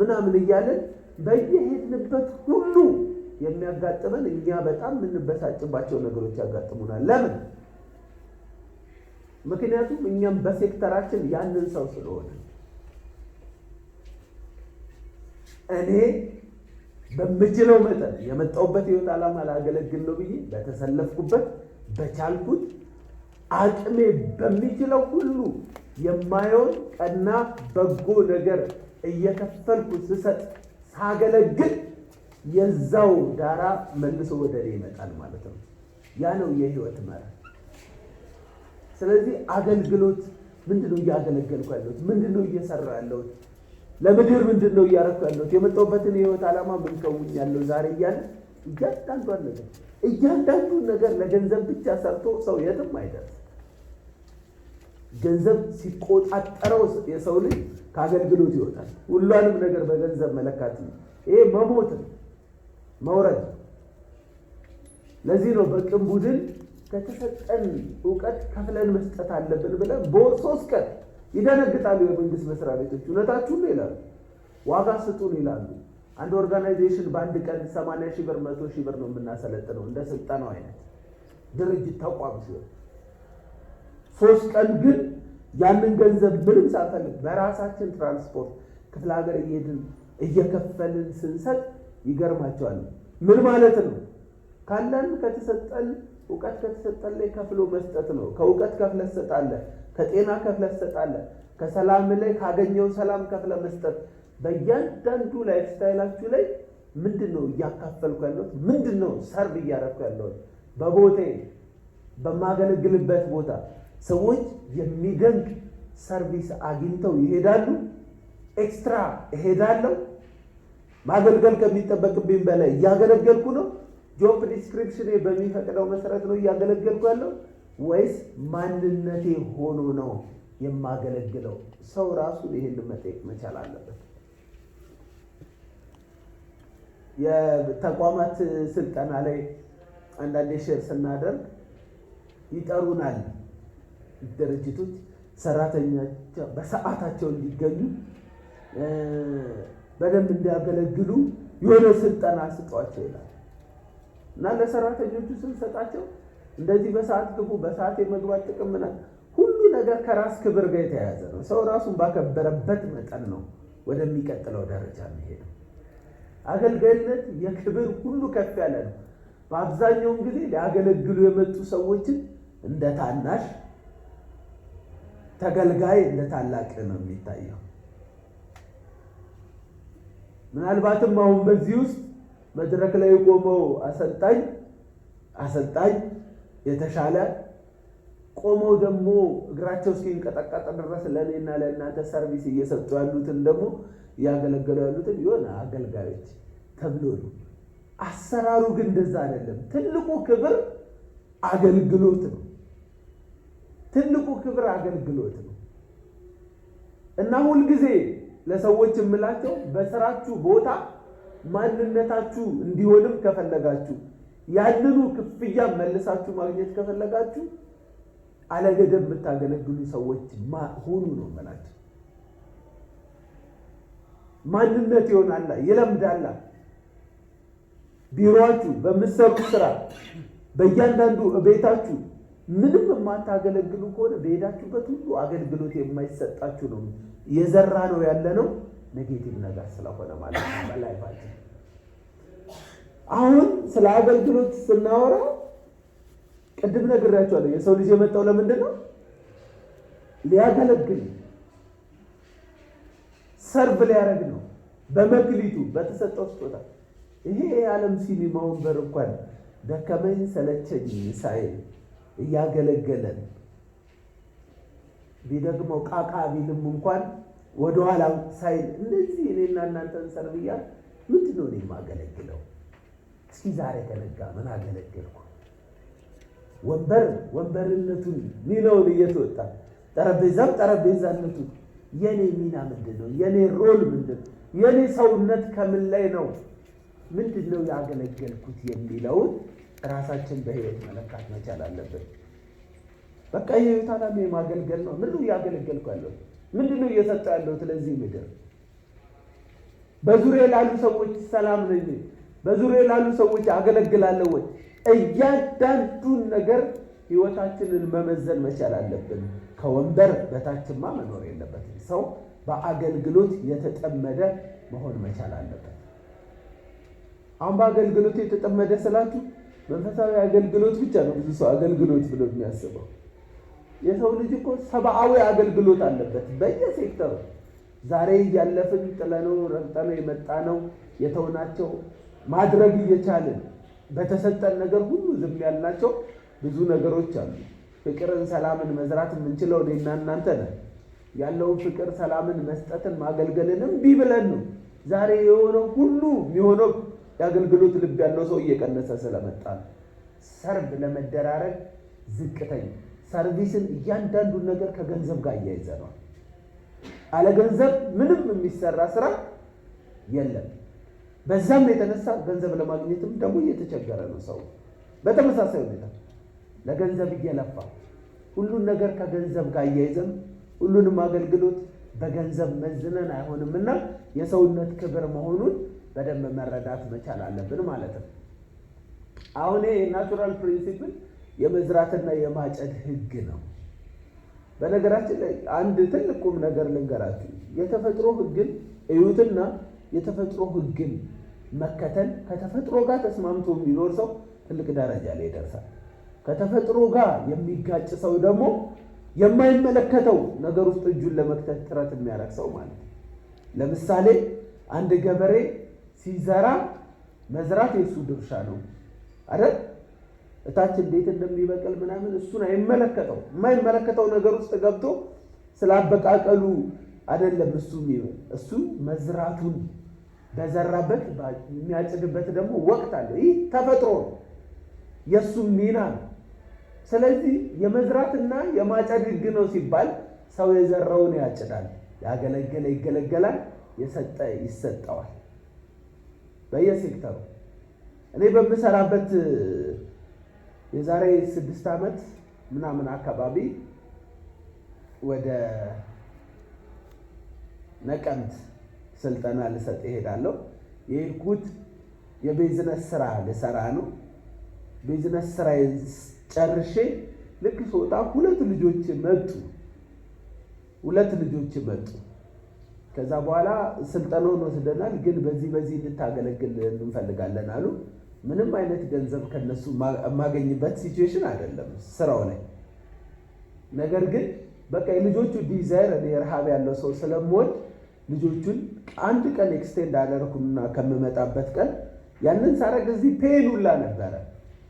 ምናምን እያለን በየሄድንበት ሁሉ የሚያጋጥመን እኛ በጣም የምንበሳጭባቸው ነገሮች ያጋጥሙናል። ለምን? ምክንያቱም እኛም በሴክተራችን ያንን ሰው ስለሆነ እኔ በምችለው መጠን የመጣሁበት ህይወት ዓላማ ላገለግል ነው ብዬ በተሰለፍኩበት በቻልኩት አቅሜ በሚችለው ሁሉ የማየውን ቀና በጎ ነገር እየከፈልኩ ስሰጥ ሳገለግል የዛው ዳራ መልሶ ወደ እኔ ይመጣል ማለት ነው። ያ ነው የህይወት መርህ። ስለዚህ አገልግሎት ምንድን ነው? እያገለገልኩ ያለሁት ምንድን ነው? እየሰራ ያለሁት ለምድር ምንድን ነው እያረኩ ያለሁት? የመጣሁበትን የህይወት ዓላማ ምን ከውኝ ያለው ዛሬ እያለ እያንዳንዷን ነገር እያንዳንዱን ነገር ለገንዘብ ብቻ ሰርቶ ሰው የትም አይደርስ። ገንዘብ ሲቆጣጠረው የሰው ልጅ ከአገልግሎት ይወጣል። ሁሏንም ነገር በገንዘብ መለካት ይሄ መሞት መውረድ። ለዚህ ነው በቅን ቡድን ከተሰጠን እውቀት ከፍለን መስጠት አለብን ብለን በሶስት ቀን ይደነግጣሉ የመንግስት መስሪያ ቤቶች። እውነታችሁን ነው ይላሉ፣ ዋጋ ስጡን ይላሉ። አንድ ኦርጋናይዜሽን በአንድ ቀን ሰማንያ ሺህ ብር መቶ ሺህ ብር ነው የምናሰለጥነው እንደ ስልጠናው አይነት ድርጅት ተቋም ሲሆን ሶስት ቀን ግን ያንን ገንዘብ ምንም ሳንፈልግ በራሳችን ትራንስፖርት ክፍለ ሀገር እየሄድን እየከፈልን ስንሰጥ ይገርማቸዋል። ምን ማለት ነው? ካለን ከተሰጠን እውቀት ከተሰጠን ላይ ከፍሎ መስጠት ነው። ከእውቀት ከፍለ ትሰጣለህ፣ ከጤና ከፍለ ትሰጣለህ፣ ከሰላም ላይ ካገኘው ሰላም ከፍለ መስጠት። በእያንዳንዱ ላይፍ ስታይላችሁ ላይ ምንድን ነው እያካፈልኩ ያለሁት? ምንድን ነው ሰርብ እያረኩ ያለሁት? በቦቴ በማገለግልበት ቦታ ሰዎች የሚደንቅ ሰርቪስ አግኝተው ይሄዳሉ። ኤክስትራ እሄዳለሁ፣ ማገልገል ከሚጠበቅብኝ በላይ እያገለገልኩ ነው። ጆብ ዲስክሪፕሽን በሚፈቅደው መሰረት ነው እያገለገልኩ ያለው ወይስ ማንነቴ ሆኖ ነው የማገለግለው? ሰው ራሱ ይሄን መጠየቅ መቻል አለበት። የተቋማት ስልጠና ላይ አንዳንዴ ሼር ስናደርግ ይጠሩናል። ድርጅቶች ሰራተኛቸው በሰዓታቸው እንዲገኙ በደንብ እንዲያገለግሉ የሆነ ስልጠና ስጧቸው ይላል እና ለሰራተኞቹ ስንሰጣቸው እንደዚህ በሰዓት ግቡ፣ በሰዓት የመግባት ጥቅም ምናምን ሁሉ ነገር ከራስ ክብር ጋር የተያያዘ ነው። ሰው ራሱን ባከበረበት መጠን ነው ወደሚቀጥለው ደረጃ የሚሄደው። አገልጋይነት የክብር ሁሉ ከፍ ያለ ነው። በአብዛኛውን ጊዜ ሊያገለግሉ የመጡ ሰዎችን እንደ ታናሽ ተገልጋይ ለታላቅ ነው የሚታየው። ምናልባትም አሁን በዚህ ውስጥ መድረክ ላይ ቆመው አሰልጣኝ አሰልጣኝ የተሻለ ቆመው ደግሞ እግራቸው እስኪንቀጠቀጥ ድረስ ለእኔና ለእናንተ ሰርቪስ እየሰጡ ያሉትን ደግሞ እያገለገሉ ያሉትን የሆነ አገልጋዮች ተብሎ ነው። አሰራሩ ግን እንደዛ አይደለም። ትልቁ ክብር አገልግሎት ነው። ትልቁ ክብር አገልግሎት ነው እና ሁልጊዜ ለሰዎች የምላቸው በስራችሁ ቦታ ማንነታችሁ እንዲሆንም ከፈለጋችሁ ያንኑ ክፍያ መልሳችሁ ማግኘት ከፈለጋችሁ አለገደብ የምታገለግሉ ሰዎች ሁኑ ነው የምላቸው። ማንነት ይሆናላ፣ ይለምዳላ። ቢሮአችሁ፣ በምትሰሩት ስራ፣ በእያንዳንዱ ቤታችሁ ምንም የማታገለግሉ ከሆነ በሄዳችሁበት ሁሉ አገልግሎት የማይሰጣችሁ ነው። የዘራ ነው ያለ ነው ኔጌቲቭ ነገር ስለሆነ ማለት ነው። አሁን ስለ አገልግሎት ስናወራ ቅድም ነግሬያቸዋለሁ። የሰው ልጅ የመጣው ለምንድን ነው? ሊያገለግል ሰርቭ ሊያደርግ ነው፣ በመክሊቱ በተሰጠው ስጦታ። ይሄ የዓለም ሲኒማውን በር እንኳን ደከመኝ ሰለቸኝ ሳይል እያገለገለን ቢደግመው ቃቃ ቢልም እንኳን ወደኋላ ሳይል እንደዚህ እኔና እናንተን ሰርብያ ምንድን ነው እኔ የማገለግለው? እስኪ ዛሬ ከነጋ ምን አገለገልኩ? ወንበር ወንበርነቱን ሚናውን እየተወጣ ጠረጴዛም ጠረጴዛነቱን የኔ ሚና ምንድን ነው? የኔ ሮል ምንድን ነው? የኔ ሰውነት ከምን ላይ ነው? ምንድን ነው ያገለገልኩት የሚለውን ራሳችን በህይወት መለካት መቻል አለብን። በቃ የህይወት ዓላማ የማገልገል ነው። ምንድን ነው እያገለገልኩ ያለሁት? ምንድን ነው እየሰጠሁ ያለሁት ለዚህ ምድር? በዙሪያ ላሉ ሰዎች ሰላም ነኝ? በዙሪያ ላሉ ሰዎች አገለግላለሁ ወይ? እያንዳንዱን ነገር ህይወታችንን መመዘን መቻል አለብን። ከወንበር በታችማ መኖር የለበትም። ሰው በአገልግሎት የተጠመደ መሆን መቻል አለበት። አሁን በአገልግሎት የተጠመደ ስላችሁ መንፈሳዊ አገልግሎት ብቻ ነው ብዙ ሰው አገልግሎት ብሎ የሚያስበው። የሰው ልጅ እኮ ሰብአዊ አገልግሎት አለበት በየሴክተሩ። ዛሬ እያለፍን ጥለነው ረግጠነው የመጣ ነው የተውናቸው ማድረግ እየቻልን በተሰጠን ነገር ሁሉ ዝም ያልናቸው ብዙ ነገሮች አሉ። ፍቅርን፣ ሰላምን መዝራት የምንችለው እኔና እናንተ ነን። ያለውን ፍቅር፣ ሰላምን መስጠትን፣ ማገልገልን እምቢ ብለን ነው ዛሬ የሆነው ሁሉ የሚሆነው የአገልግሎት ልብ ያለው ሰው እየቀነሰ ስለመጣ ነው። ሰርቭ ለመደራረግ ዝቅተኝ ሰርቪስን እያንዳንዱን ነገር ከገንዘብ ጋር እያይዘነዋል። ነው። አለገንዘብ ምንም የሚሰራ ስራ የለም። በዛም የተነሳ ገንዘብ ለማግኘትም ደግሞ እየተቸገረ ነው ሰው። በተመሳሳይ ሁኔታ ለገንዘብ እየለፋ ሁሉን ነገር ከገንዘብ ጋር እያይዘን ሁሉንም አገልግሎት በገንዘብ መዝነን አይሆንም እና የሰውነት ክብር መሆኑን በደንብ መረዳት መቻል አለብን ማለት ነው። አሁን ይሄ ናቹራል ፕሪንሲፕል የመዝራትና የማጨድ ህግ ነው። በነገራችን ላይ አንድ ትልቅ ቁም ነገር ልንገራችሁ። የተፈጥሮ ህግን እዩትና የተፈጥሮ ህግን መከተል ከተፈጥሮ ጋር ተስማምቶ የሚኖር ሰው ትልቅ ደረጃ ላይ ይደርሳል። ከተፈጥሮ ጋር የሚጋጭ ሰው ደግሞ የማይመለከተው ነገር ውስጥ እጁን ለመክተት ጥረት የሚያደርግ ሰው ማለት ነው። ለምሳሌ አንድ ገበሬ ሲዘራ መዝራት የእሱ ድርሻ ነው አይደል? እታች እንዴት እንደሚበቅል ምናምን እሱን አይመለከተው። የማይመለከተው ነገር ውስጥ ገብቶ ስላበቃቀሉ አይደለም እሱ እሱ መዝራቱን በዘራበት የሚያጭድበት ደግሞ ወቅት አለ። ይህ ተፈጥሮ ነው፣ የእሱም ሚና ነው። ስለዚህ የመዝራትና የማጨድ ህግ ነው ሲባል ሰው የዘራውን ያጭዳል፣ ያገለገለ ይገለገላል፣ የሰጠ ይሰጠዋል። በየሴክተሩ እኔ በምሰራበት የዛሬ ስድስት ዓመት ምናምን አካባቢ ወደ ነቀምት ስልጠና ልሰጥ እሄዳለሁ። የሄድኩት የቢዝነስ ስራ ልሰራ ነው። ቢዝነስ ስራ ጨርሼ ልክ ስወጣ ሁለት ልጆች መጡ። ሁለት ልጆች መጡ። ከዛ በኋላ ስልጠናውን ወስደናል፣ ግን በዚህ በዚህ እንድታገለግል እንፈልጋለን አሉ። ምንም አይነት ገንዘብ ከነሱ የማገኝበት ሲትዌሽን አይደለም ስራው ላይ። ነገር ግን በቃ የልጆቹ ዲዛይር እኔ ረሃብ ያለው ሰው ስለምወድ ልጆቹን አንድ ቀን ኤክስቴንድ አደረኩና ከምመጣበት ቀን ያንን ሳረግ እዚህ ፔኑላ ነበረ።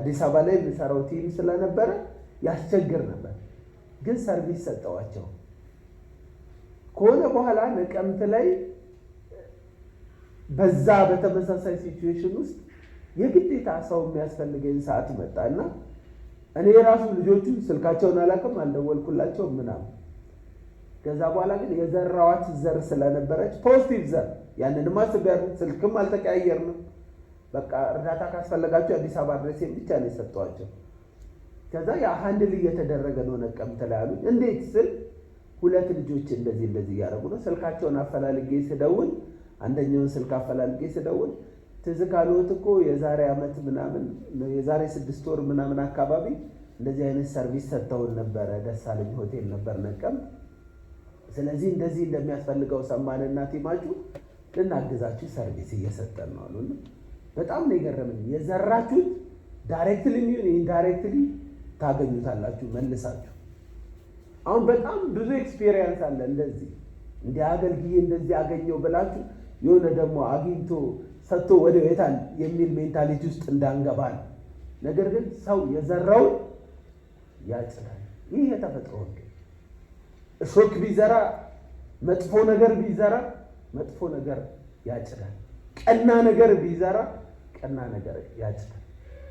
አዲስ አበባ ላይ የምሰራው ቲም ስለነበረ ያስቸግር ነበር፣ ግን ሰርቪስ ሰጠዋቸው። ከሆነ በኋላ ነቀምት ላይ በዛ በተመሳሳይ ሲትዌሽን ውስጥ የግዴታ ሰው የሚያስፈልገኝ ሰዓት መጣና እኔ የራሱ ልጆቹ ስልካቸውን አላውቅም አልደወልኩላቸውም ምናምን። ከዛ በኋላ ግን የዘራዋት ዘር ስለነበረች ፖዚቲቭ ዘር ያንንም አስቤያለሁ። ስልክም አልተቀያየርንም። በቃ እርዳታ ካስፈለጋቸው አዲስ አበባ አድረሴን ብቻ ነው የሰጠኋቸው። ከዛ ያ ሀንድል እየተደረገ ነው ነቀምት ላይ አሉኝ። እንዴት ስል ሁለት ልጆች እንደዚህ እንደዚህ እያደረጉ ነው። ስልካቸውን አፈላልጌ ስደውል አንደኛውን ስልክ አፈላልጌ ስደውል ትዝ ካሉት እኮ የዛሬ ዓመት ምናምን የዛሬ ስድስት ወር ምናምን አካባቢ እንደዚህ አይነት ሰርቪስ ሰጥተውን ነበረ፣ ደሳለኝ ሆቴል ነበር ነቀም። ስለዚህ እንደዚህ እንደሚያስፈልገው ሰማንና ቲማቹ ልናግዛችሁ ሰርቪስ እየሰጠን ነው አሉ። በጣም ነው የገረመኝ። የዘራችሁት ዳይሬክትሊ ኢንዳይሬክትሊ ታገኙታላችሁ መልሳችሁ አሁን በጣም ብዙ ኤክስፔሪየንስ አለ። እንደዚህ እንዲህ አገልግዬ እንደዚህ አገኘው ብላችሁ የሆነ ደግሞ አግኝቶ ሰጥቶ ወደ ቤታል የሚል ሜንታሊቲ ውስጥ እንዳንገባ ነው። ነገር ግን ሰው የዘራው ያጭዳል። ይህ የተፈጥሮ ወግ። እሾክ ቢዘራ መጥፎ ነገር ቢዘራ መጥፎ ነገር ያጭዳል። ቀና ነገር ቢዘራ ቀና ነገር ያጭዳል።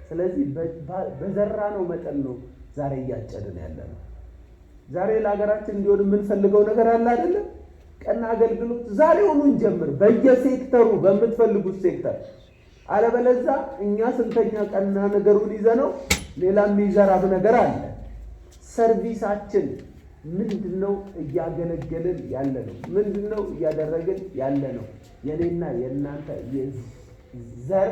ስለዚህ በዘራ ነው መጠን ነው ዛሬ እያጨድን ያለ ነው። ዛሬ ለሀገራችን እንዲሆን የምንፈልገው ነገር አለ አይደለም? ቀና አገልግሎት ዛሬውኑ እንጀምር፣ በየሴክተሩ በምትፈልጉት ሴክተር። አለበለዛ እኛ ስንተኛ ቀና ነገሩን ይዘነው ሌላ የሚዘራብ ነገር አለ። ሰርቪሳችን ምንድን ነው? እያገለገልን ያለ ነው። ምንድን ነው እያደረግን ያለ ነው? የኔና የእናንተ ዘር